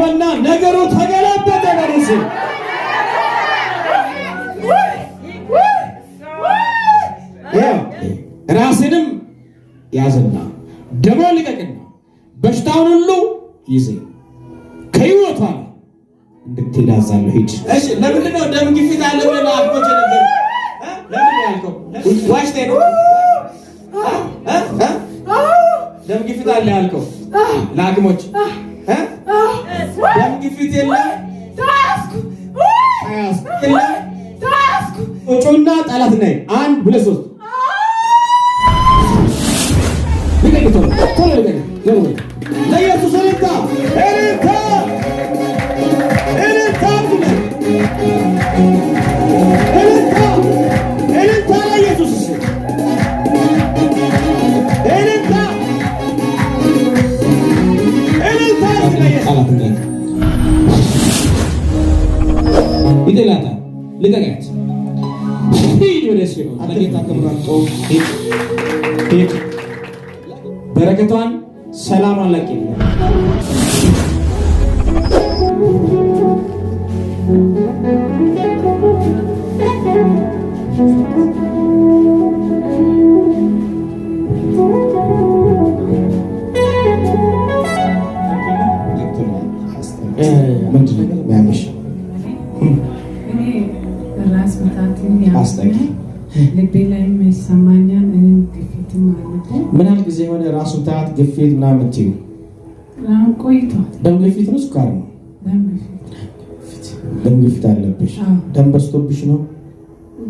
ሆነና ነገሩ ተገለበጠ። በሪስ ራስንም ያዘና ደሞ ልቀቅና በሽታውን ሁሉ ይዜ ከህይወቷ እንድትሄድ አዛለሁ። ሂድ። እሺ፣ ለምንድን ነው ደም ግፊት አለ ብለህ ለአልኮች ነበር ለምን ነው ደም ግፊት አለ ያልከው ለአግሞች ፊት የለም ተያዝኩ፣ እጮና ጠላት ነኝ። አንድ ሁለት ሶስት ደም ግፊት ነው? ስኳር ነው? ደም ግፊት አለብሽ? ደም በስቶብሽ ነው?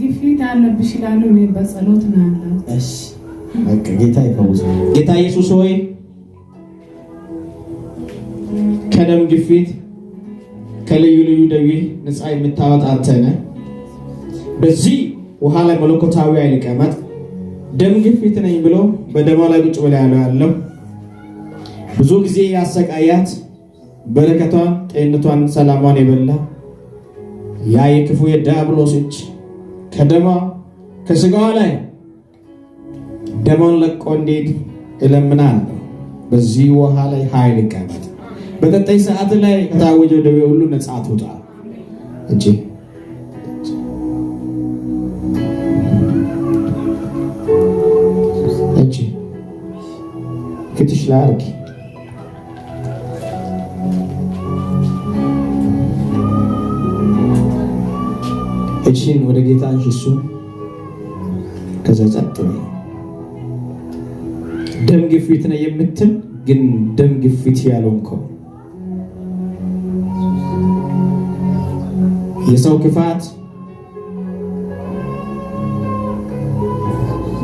ግፊት አለብሽ ይላሉ። እኔ በጸሎት ነው ያለሁት። እሺ በቃ ጌታ ይፈውስ። ጌታ ኢየሱስ ሆይ ከደም ግፊት ከልዩ ልዩ ደዌ ነፃ የምታወጣ አንተ ነህ። በዚህ ውሃ ላይ መለኮታዊ አይልቀመጥ ደም ግፊት ነኝ ብሎ በደማ ላይ ቁጭ ብላ ያለው ያለው ብዙ ጊዜ ያሰቃያት በረከቷን፣ ጤንነቷን፣ ሰላሟን የበላ ያ የክፉ የዲያብሎስ እጅ ከደማ ከስጋዋ ላይ ደማውን ለቆ እንዴት እለምናለሁ። በዚህ ውሃ ላይ ኃይል ይቀመጥ። በጠጣኝ ሰዓት ላይ ከታወጀው ደዌ ሁሉ ነጻ ትውጣ እንጂ እጅ ፊትሽ እጅህን ወደ ጌታ አንሺ። እሱም ከዛ ጸጥ ደም ግፊት ነው የምትል ግን ደም ግፊት ያለው የሰው ክፋት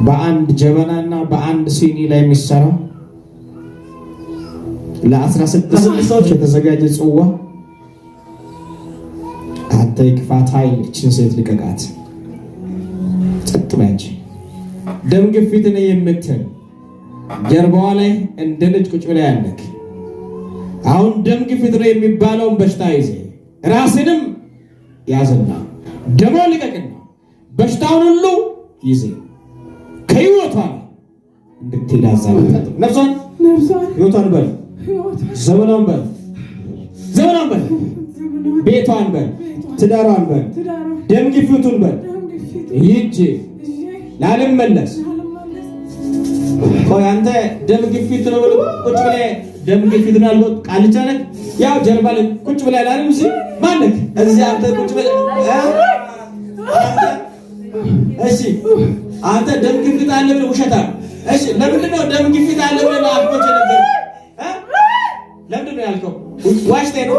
በአንድ ጀበና እና በአንድ ሲኒ ላይ የሚሰራ ለአስራ ስድስት ሰዎች የተዘጋጀ ጽዋ አንተ የክፋት ኃይል ይችን ሴት ልቀቃት፣ ጸጥ በያንቺ ደም ግፊት ነው የምትል ጀርባዋ ላይ እንደ ልጅ ቁጭ ብላ ያለክ አሁን ደም ግፊት ነው የሚባለውን በሽታ ይዜ ራስንም ያዝና ደሞ ልቀቅና በሽታውን ሁሉ ይዜ ከህይወቷ እንድትዳዛ አዛብታት ነፍሷን ህይወቷን በል ዘመናን በል ዘመናን በል ቤቷን በል ትዳሯን በል ደም ግፊቱን በል ይጂ ይህች መለስ ቆይ አንተ ደም ግፊት ነው ብሎ ቁጭ ብለህ ደም ግፊት ነው አልኩት። ቃል ነህ ያው ጀርባ ላይ ቁጭ ብለህ ላልም ሲ ማነህ እዚህ አንተ ቁጭ ብለህ እሺ፣ አንተ ደም ግፊት አለ ብለህ ውሸታ። እሺ፣ ለምንድን ነው ደም ግፊት አለ ብለህ አልኮች ነገር እ ለምንድን ነው ያልከው? ዋሽተህ ነው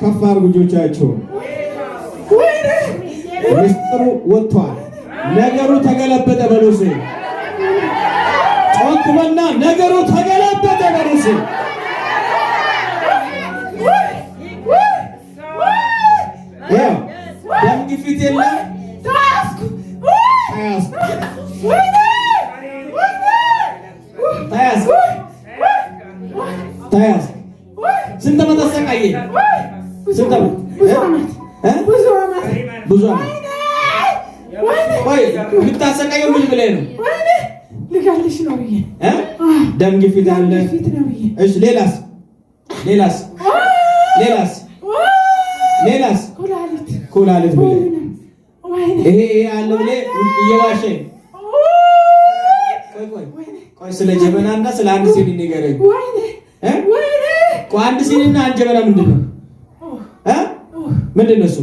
ከፍ አድርጉ እጆቻችሁን። ምስጢሩ ወጥቷል። ነገሩ ተገለበጠ። በሉሴ ጮክ ነገሩ ተገለበጠ። በሉሴ ደም ግፊት የለ ተያዝኩ ተያዝኩ ተያዝኩ ስንት መተሰቃየ ብዙ የምታሰቃየው ምን ብለህ ነው? ልጋልሽ ነው ብዬ ደም ግፊት አለ። እሺ ሌላስ? ሌላስ? ሌላስ? ሌላስ? ኩላሊት ብለህ ይሄ ያለው ቆይ ስለ ጀበና እና ስለ አንድ ሲኒ ንገረኝ። አንድ ሲኒ እና አንድ ጀበና ምንድን ነው? ምንድን ነው እሱ?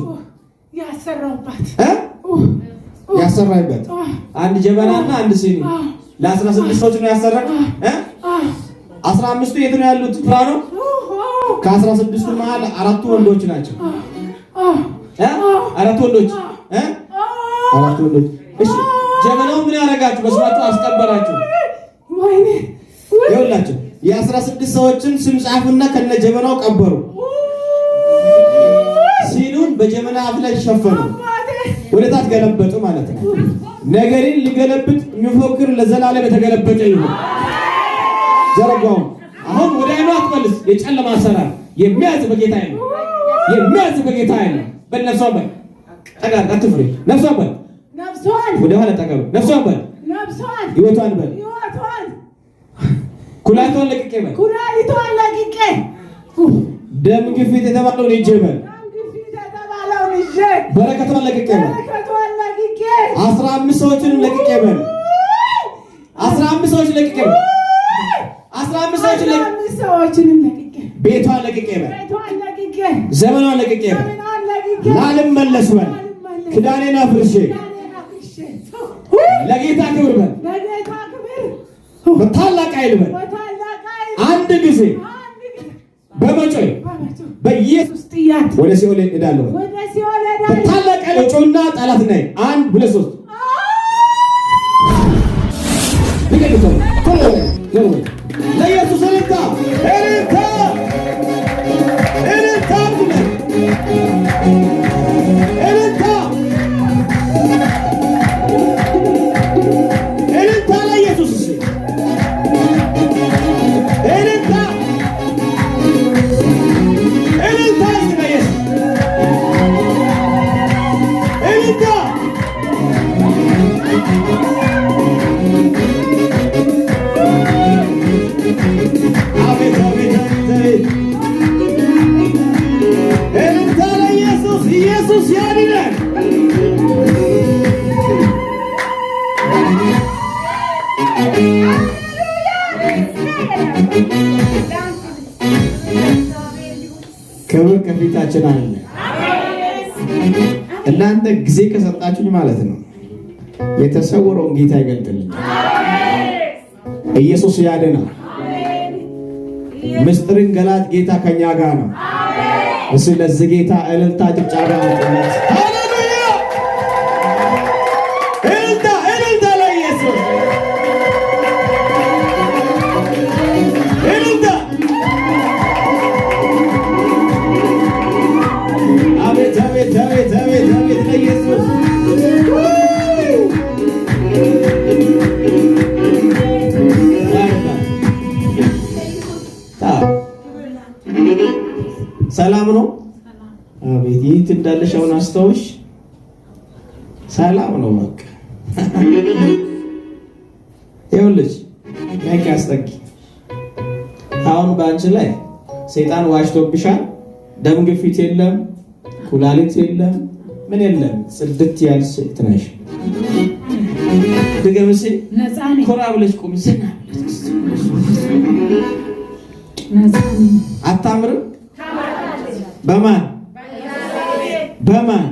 ያሰራበት አንድ ጀበናና አንድ ሲኒ ለአስራ ስድስት ሰዎች ነው ያሰራ። አስራ አምስቱ የት ነው ያሉት? ፍራ ነው። ከአስራ ስድስቱ መሀል አራቱ ወንዶች ናቸው። አራቱ ወንዶች አራቱ ወንዶች። እሺ ጀበናው ምን ያደረጋችሁ? በስማችሁ አስቀበራችሁ። ይኸውላችሁ የአስራ ስድስት ሰዎችን ስም ጻፉና ከነ ጀበናው ቀበሩ። በጀመና አፍ ላይ ሸፈኑ፣ ወደ ታች ገለበጡ ማለት ነው። ነገርን ሊገለብጥ የሚፎክር ለዘላለም የተገለበጠ ይሁን። ዘረጓው አሁን ወደ አይኑ አትመልስ። የጨለማ አሰራር የሚያዝ በጌታ ነው፣ የሚያዝ በጌታ ነው። በነፍሷ በል ጠጋር አትፍሪ። ነፍሷ በል ወደ ኋላ ጠጋር ነፍሷ በል ህይወቷን በል ኩላሊቷን ለቅቄ በል ኩላሊቷን ለቅቄ ደም ግፊት የተባለውን ይጀበል በረከቷን ለቅቄ ነው። አስራ አምስት ሰዎችንም ለቅቄ ነው። አስራ አምስት ሰዎች ለቅቄ ነው። አስራ አምስት ሰዎችንም ለቅቄ ቤቷን ለቅቄ ነው። ዘመኗን ለቅቄ ነው። ላልመለስ በል ክዳኔን አፍርሼ ለጌታ ክብር በል በታላቅ ኃይል በል አንድ ጊዜ በመጮህ በኢየሱስ ጥያት ወደ ሲኦል እሄዳለሁ። ወደ ሲኦል እሄዳለሁ። ታላቅ ጮና ጠላት ነኝ። አንድ ሁለት ሶስት ለኢየሱስ በመካከላችን አለ። እናንተ ጊዜ ከሰጣችሁኝ ማለት ነው የተሰወረውን ጌታ ይገልጥልኝ። ኢየሱስ ያድናል። ምስጢርን ገላጭ ጌታ ከኛ ጋር ነው። ስለዚህ ጌታ እልልታ ጭብጨባ እንዳለሽ አሁን አስታውሽ። ሰላም ነው በቃ ይኸውልሽ፣ ነቂ አስጠጊ። አሁን በአንቺ ላይ ሰይጣን ዋሽቶብሻል። ደም ግፊት የለም፣ ኩላሊት የለም፣ ምን የለም። ጽድት ያልሽ ትነሽ ድገምሲ ኮራ ብለሽ ቁም። አታምርም በማን በማን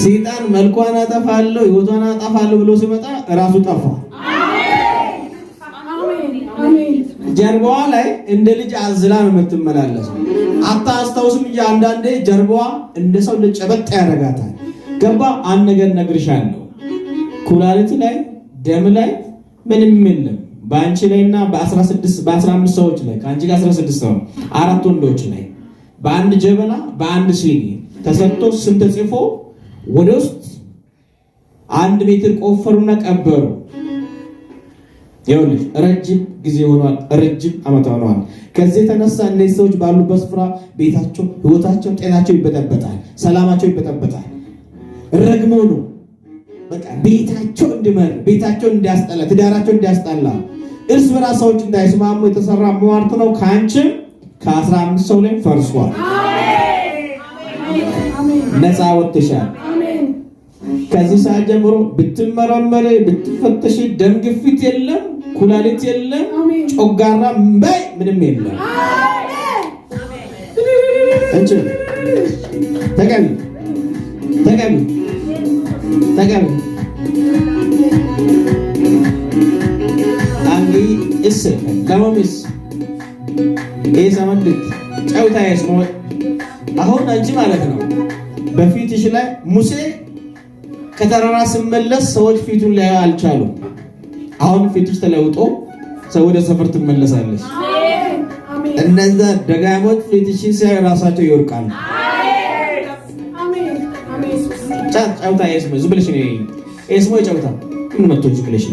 ሰይጣን መልኳን አጠፋለሁ ህይወቷን አጠፋለሁ ብሎ ሲመጣ ራሱ ጠፋ። ጀርባዋ ላይ እንደ ልጅ አዝላ ነው የምትመላለሱ። አታስታውስም እንጂ አንዳንዴ ጀርባዋ እንደ ሰው ጨበጥ ያደርጋታል። ገባ አንድ ነገር ነግርሻለሁ፣ ኩላሊት ላይ ደም ላይ ምንም የለም በአንቺ ላይና በ16 በ15 ሰዎች ላይ ከአንቺ ጋር 16 ሰው አራት ወንዶች ላይ በአንድ ጀበና በአንድ ሲኒ ተሰጥቶ ስም ተጽፎ ወደ ውስጥ አንድ ሜትር ቆፈሩና ቀበሩ። ይኸውልሽ ረጅም ጊዜ ሆኗል፣ ረጅም ዓመት ሆኗል። ከዚህ የተነሳ እነዚህ ሰዎች ባሉበት ስፍራ ቤታቸው፣ ህይወታቸው፣ ጤናቸው ይበጠበጣል፣ ሰላማቸው ይበጠበጣል። ረግሞ ነው በቃ ቤታቸው እንዲመር ቤታቸው እንዲያስጠላ ትዳራቸው እንዲያስጠላ እርስ በራሳዎች እንዳይስማሙ የተሰራ መዋርት ነው ከአንቺ ከአስራ አምስት ሰው ላይ ፈርሷል። ነፃ ወጥተሻል። ከዚህ ሰዓት ጀምሮ ብትመረመሪ ብትፈተሽ ደም ግፊት የለም፣ ኩላሊት የለም፣ ጮጋራ ባይ ምንም የለም። እንቺ ተቀቢ ተቀቢ ተቀቢ አንዲ እስ ለመምስ ይህ ዘመን ጨውታ አሁን አንቺ ማለት ነው በፊትሽ ላይ ሙሴ ከተራራ ስመለስ ሰዎች ፊቱን ላይ አልቻሉ። አሁን ፊትሽ ተለውጦ ሰው ወደ ሰፈር ትመለሳለች። ደጋሞች ሲያዩ ራሳቸው ይወርቃሉ። ጨውታ የስሞ ዝም ብለሽ ነው ስሞ ጨውታ ምን መቶኝ ብለሽ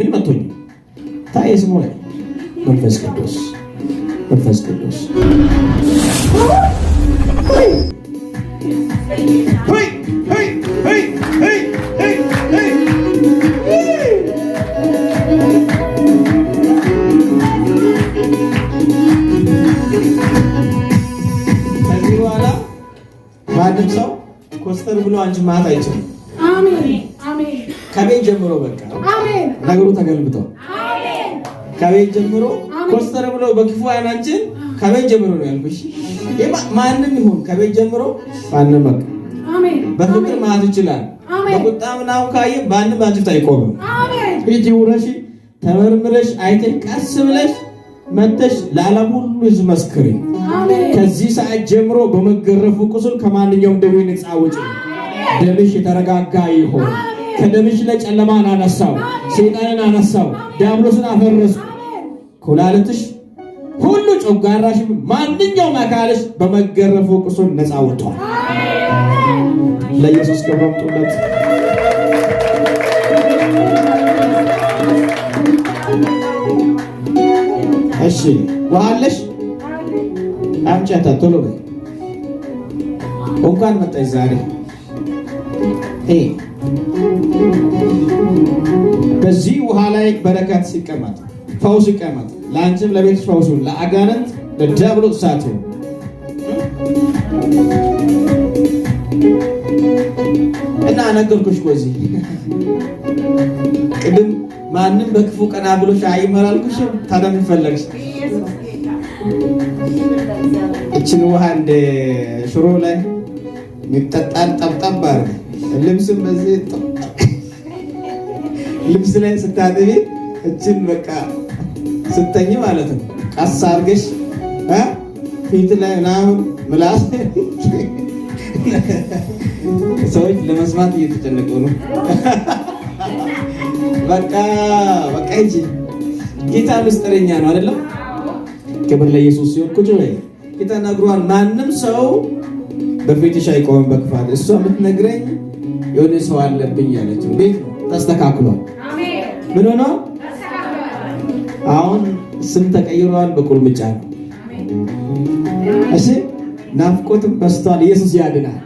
ምን መቶኝ ታይዝ ሞ መንፈስ ቅዱስ መንፈስ ቅዱስ ከዚህ በኋላ ማንም ሰው ኮስተር ብሎ አንቺ ማታ አይችልም። ክፉ አይናችን ከቤት ጀምሮ ነው ያልኩሽ። ማንም ይሁን ከቤት ጀምሮ ማንም በቃ በፍቅር ማለት ይችላል። በቁጣ ምናምን ካየ በአንድ ባጅት አይቆምም። ሂጂ ውረሽ ተመርምረሽ አይተሽ ቀስ ብለሽ መተሽ ለዓለም ሁሉ ሕዝብ መስክሪ። ከዚህ ሰዓት ጀምሮ በመገረፉ ቁስል ከማንኛውም ደዌ ነፃ ውጪ። ደምሽ የተረጋጋ ይሆን። ከደምሽ ላይ ጨለማን አነሳው፣ ሰይጣንን አነሳው፣ ዲያብሎስን አፈረስኩ ኩላለትሽ ሁሉ ጮጋራሽ ማንኛውም አካልሽ በመገረፉ ቁስል ነፃ ወጥቷል። ለኢየሱስ ከመምጡለት እሺ፣ ዋለሽ አምጫታ ቶሎ እንኳን መጣሽ ዛሬ በዚህ ውሃ ላይ በረከት ሲቀመጥ ፈውስ ሲቀመጥ ለአንቺም ለቤትሽ ፈውሱ፣ ለአጋንንት ለዲያብሎ እሳቱ። እና ነገርኩሽ እኮ እዚህ ቅድም ማንም በክፉ ቀና ብሎሽ አይመር አልኩሽም። ታዲያ ምን ፈለግሽ? እችን ውሃ እንደ ሽሮ ላይ የሚጠጣን ጠብጠብ አድርግ። ልብስም በዚህ ልብስ ላይ ስታጥቢ እችን በቃ ስተኝ ማለት ነው። ቀስ አድርገሽ ፊት ላይ ምናምን ምላስ ሰዎች ለመስማት እየተጨነቁ ነው። በቃ በቃ እንጂ ጌታ ምስጢረኛ ነው አይደለም። ክብር ለኢየሱስ ሲሆን ቁጭ በይ። ጌታ ነግሯል። ማንም ሰው በፊትሽ አይቆምም በክፋት እሷ የምትነግረኝ የሆነ ሰው አለብኝ ያለችው ቤት ተስተካክሏል። ምን ሆነው አሁን ስም ተቀይረዋል በቁልምጫ ነው። እሺ ናፍቆትም በስቷል። ኢየሱስ ያድናል።